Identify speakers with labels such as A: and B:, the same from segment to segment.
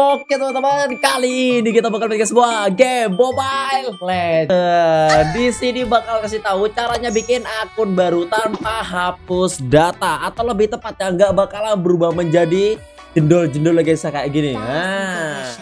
A: Oke teman-teman, kali ini kita bakal bikin sebuah game Mobile legend. Eh, di sini bakal kasih tahu caranya bikin akun baru tanpa hapus data atau lebih tepatnya nggak bakalan berubah menjadi jendol-jendol lagi ya kayak gini. Nah,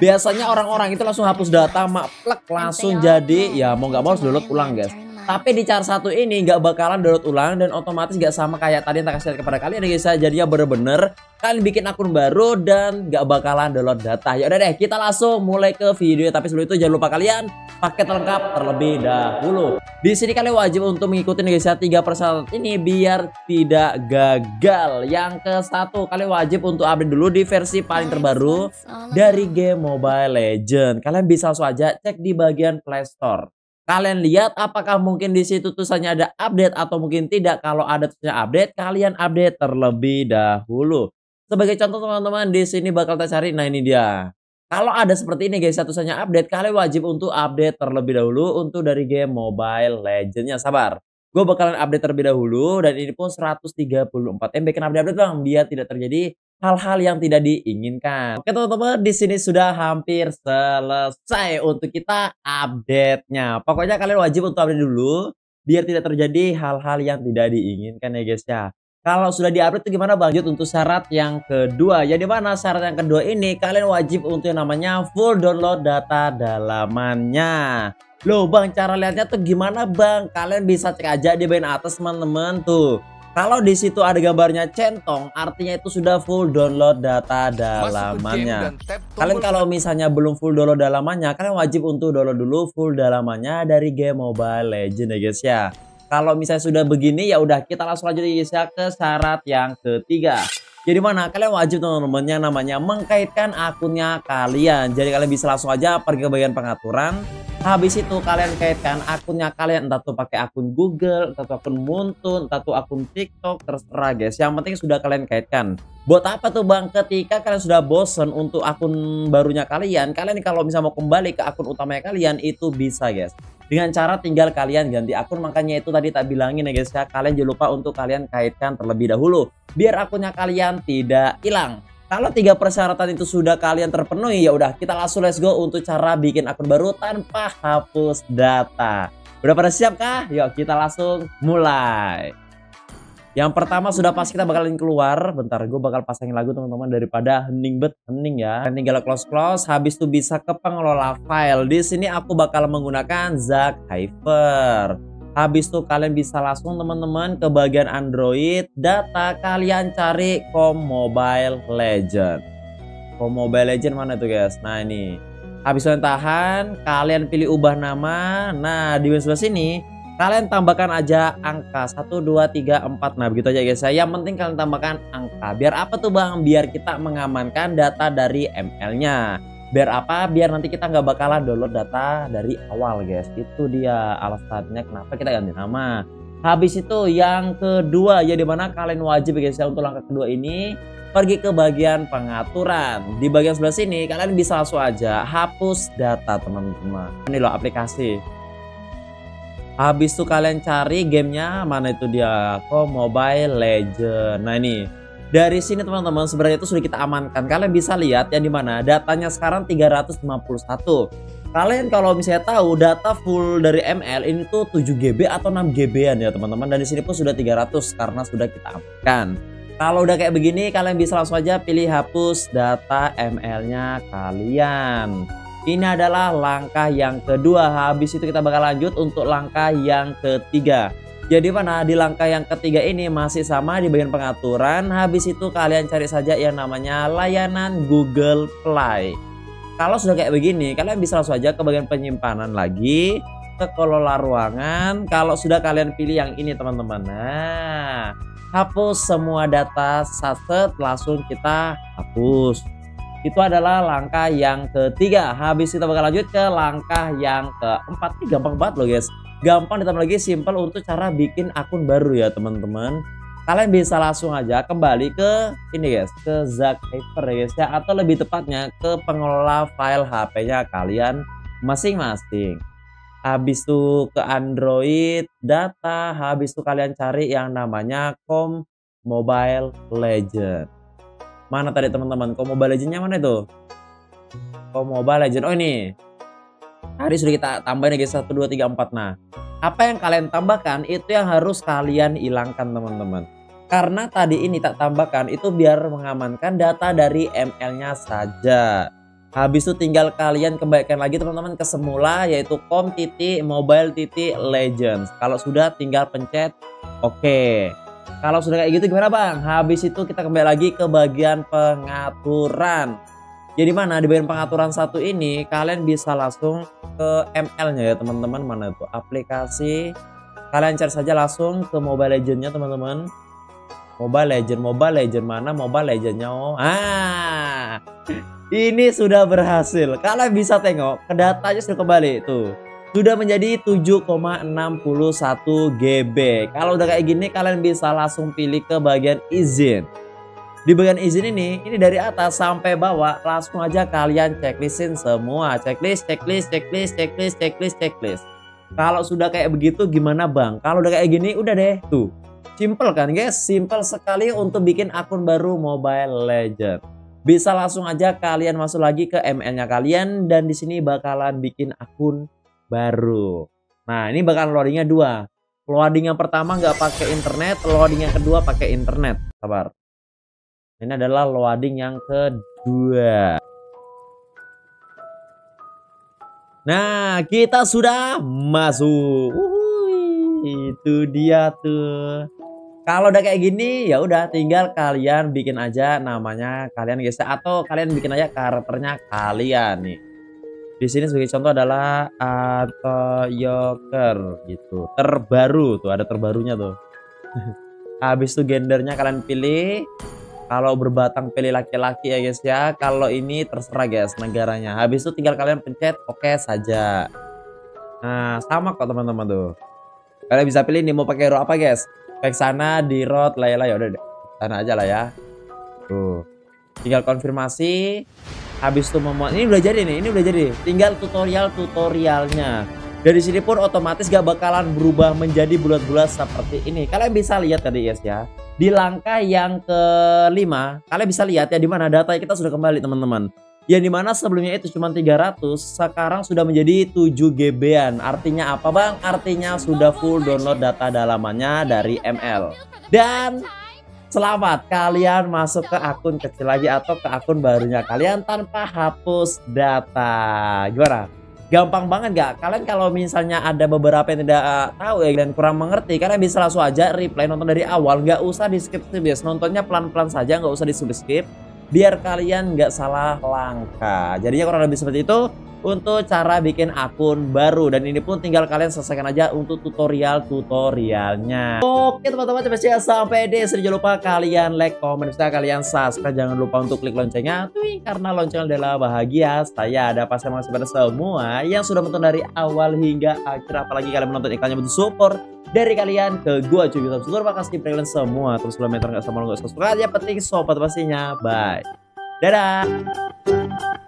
A: biasanya orang-orang itu langsung hapus data, mak langsung jadi ya mau nggak mau harus download ulang guys. Tapi di cara satu ini nggak bakalan download ulang dan otomatis nggak sama kayak tadi yang tak kasih kepada kalian ya guys. Ya. Jadinya bener-bener kalian bikin akun baru dan nggak bakalan download data. Ya udah deh, kita langsung mulai ke video. Ya. Tapi sebelum itu jangan lupa kalian paket lengkap terlebih dahulu. Di sini kalian wajib untuk mengikuti guys ya tiga persyaratan ini biar tidak gagal. Yang ke satu kalian wajib untuk update dulu di versi paling terbaru dari game Mobile Legend. Kalian bisa langsung aja cek di bagian Play Store. Kalian lihat apakah mungkin di situ tulisannya ada update atau mungkin tidak. Kalau ada tulisannya update, kalian update terlebih dahulu. Sebagai contoh teman-teman, di sini bakal saya cari. Nah, ini dia. Kalau ada seperti ini guys, ya, tulisannya update, kalian wajib untuk update terlebih dahulu untuk dari game Mobile legendnya Sabar. Gue bakalan update terlebih dahulu dan ini pun 134 MB. Kenapa update, update Bang? Biar tidak terjadi hal-hal yang tidak diinginkan. Oke teman-teman, di sini sudah hampir selesai untuk kita update-nya. Pokoknya kalian wajib untuk update dulu biar tidak terjadi hal-hal yang tidak diinginkan ya guys ya. Kalau sudah diupdate itu gimana Bang Jadi untuk syarat yang kedua? Ya mana syarat yang kedua ini kalian wajib untuk yang namanya full download data dalamannya. Loh Bang cara lihatnya tuh gimana Bang? Kalian bisa cek aja di bagian atas teman-teman tuh. Kalau di situ ada gambarnya centong, artinya itu sudah full download data dalamannya. Kalian kalau misalnya belum full download dalamannya, kalian wajib untuk download dulu full dalamannya dari game Mobile Legend ya guys ya. Kalau misalnya sudah begini ya udah kita langsung lanjut ya, guys ya ke syarat yang ketiga. Jadi mana kalian wajib teman-teman namanya mengkaitkan akunnya kalian. Jadi kalian bisa langsung aja pergi ke bagian pengaturan habis itu kalian kaitkan akunnya kalian entah tuh pakai akun Google entah tuh akun Muntun entah tuh akun TikTok terserah guys yang penting sudah kalian kaitkan buat apa tuh bang ketika kalian sudah bosen untuk akun barunya kalian kalian kalau bisa mau kembali ke akun utamanya kalian itu bisa guys dengan cara tinggal kalian ganti akun makanya itu tadi tak bilangin ya guys ya kalian jangan lupa untuk kalian kaitkan terlebih dahulu biar akunnya kalian tidak hilang kalau tiga persyaratan itu sudah kalian terpenuhi, ya udah kita langsung let's go untuk cara bikin akun baru tanpa hapus data. Udah pada siap kah? Yuk kita langsung mulai. Yang pertama sudah pasti kita bakalan keluar. Bentar, gue bakal pasangin lagu teman-teman daripada hening bet hening ya. Dan tinggal close close. Habis itu bisa ke pengelola file. Di sini aku bakal menggunakan Zack Hyper. Habis itu kalian bisa langsung teman-teman ke bagian Android data kalian cari COM Mobile Legend. COM Mobile Legend mana tuh guys? Nah ini. Habis kalian tahan, kalian pilih ubah nama. Nah di sebelah sini kalian tambahkan aja angka 1, 2, 3, 4 nah begitu aja guys saya yang penting kalian tambahkan angka biar apa tuh bang biar kita mengamankan data dari ML nya biar apa biar nanti kita nggak bakalan download data dari awal guys itu dia alasannya kenapa kita ganti nama habis itu yang kedua ya dimana kalian wajib guys ya untuk langkah kedua ini pergi ke bagian pengaturan di bagian sebelah sini kalian bisa langsung aja hapus data teman-teman ini loh aplikasi habis itu kalian cari gamenya mana itu dia kok mobile legend nah ini dari sini teman-teman sebenarnya itu sudah kita amankan. Kalian bisa lihat yang dimana datanya sekarang 351. Kalian kalau misalnya tahu data full dari ML ini tuh 7 GB atau 6 GB-an ya teman-teman. Dan di sini pun sudah 300 karena sudah kita amankan. Kalau udah kayak begini kalian bisa langsung aja pilih hapus data ML-nya kalian. Ini adalah langkah yang kedua. Habis itu kita bakal lanjut untuk langkah yang ketiga. Jadi mana di langkah yang ketiga ini masih sama di bagian pengaturan. Habis itu kalian cari saja yang namanya layanan Google Play. Kalau sudah kayak begini, kalian bisa langsung aja ke bagian penyimpanan lagi, ke kelola ruangan. Kalau sudah kalian pilih yang ini teman-teman. Nah, hapus semua data saset langsung kita hapus. Itu adalah langkah yang ketiga. Habis kita bakal lanjut ke langkah yang keempat. Ini gampang banget loh guys gampang ditambah lagi simple untuk cara bikin akun baru ya teman-teman kalian bisa langsung aja kembali ke ini guys ke Zack Hyper ya, guys ya atau lebih tepatnya ke pengelola file HP-nya kalian masing-masing habis itu ke Android data habis itu kalian cari yang namanya com Mobile Legend mana tadi teman-teman com Mobile Legendnya mana itu com Mobile Legend oh ini hari nah, sudah kita tambahin lagi guys 1 2 3 4. Nah, apa yang kalian tambahkan itu yang harus kalian hilangkan teman-teman. Karena tadi ini tak tambahkan itu biar mengamankan data dari ML-nya saja. Habis itu tinggal kalian kembalikan lagi teman-teman ke semula yaitu com titik mobile titik legends. Kalau sudah tinggal pencet oke. Okay. Kalau sudah kayak gitu gimana bang? Habis itu kita kembali lagi ke bagian pengaturan. Jadi ya mana bagian pengaturan satu ini kalian bisa langsung ke ML-nya ya teman-teman mana itu aplikasi kalian cari saja langsung ke Mobile Legend-nya teman-teman. Mobile Legend, Mobile Legend mana Mobile Legend-nya? Oh. Ah. Ini sudah berhasil. Kalian bisa tengok, datanya sudah kembali tuh. Sudah menjadi 7,61 GB. Kalau udah kayak gini kalian bisa langsung pilih ke bagian izin di bagian izin ini, ini dari atas sampai bawah langsung aja kalian checklistin semua. Checklist, checklist, checklist, checklist, checklist, checklist. Kalau sudah kayak begitu gimana bang? Kalau udah kayak gini udah deh tuh. Simple kan guys? Simple sekali untuk bikin akun baru Mobile Legend. Bisa langsung aja kalian masuk lagi ke ML-nya kalian dan di sini bakalan bikin akun baru. Nah ini bakalan loadingnya dua. Loading yang pertama nggak pakai internet, loading yang kedua pakai internet. Sabar. Ini adalah loading yang kedua. Nah, kita sudah masuk. Uhuy, itu dia tuh. Kalau udah kayak gini, ya udah tinggal kalian bikin aja namanya kalian guys atau kalian bikin aja karakternya kalian nih. Di sini sebagai contoh adalah atau uh, yoker gitu. Terbaru tuh, ada terbarunya tuh. Habis itu gendernya kalian pilih kalau berbatang pilih laki-laki ya guys ya kalau ini terserah guys negaranya habis itu tinggal kalian pencet oke okay saja nah sama kok teman-teman tuh kalian bisa pilih nih mau pakai hero apa guys baik sana di road lah ya, ya udah sana aja lah ya tuh tinggal konfirmasi habis itu memuat ini udah jadi nih ini udah jadi tinggal tutorial tutorialnya dari sini pun otomatis gak bakalan berubah menjadi bulat-bulat seperti ini kalian bisa lihat tadi guys ya di langkah yang kelima kalian bisa lihat ya di mana data kita sudah kembali teman-teman yang dimana sebelumnya itu cuma 300 sekarang sudah menjadi 7 GB-an artinya apa bang artinya sudah full download data dalamannya dari ML dan selamat kalian masuk ke akun kecil lagi atau ke akun barunya kalian tanpa hapus data gimana gampang banget gak? Kalian kalau misalnya ada beberapa yang tidak uh, tahu ya dan kurang mengerti, kalian bisa langsung aja replay nonton dari awal, nggak usah di skip skip guys. Nontonnya pelan-pelan saja, nggak usah di skip skip, biar kalian nggak salah langkah. Jadinya kurang lebih seperti itu untuk cara bikin akun baru dan ini pun tinggal kalian selesaikan aja untuk tutorial-tutorialnya oke teman-teman terima kasih sampai deh, sini jangan lupa kalian like comment juga kalian subscribe jangan lupa untuk klik loncengnya Tuing, karena lonceng adalah bahagia saya ada pasti masih pada semua yang sudah menonton dari awal hingga akhir apalagi kalian menonton iklannya butuh support dari kalian ke gua cuy YouTube subscribe makasih kalian semua terus kalau meter nggak sama lo nggak subscribe ya penting sobat pastinya bye dadah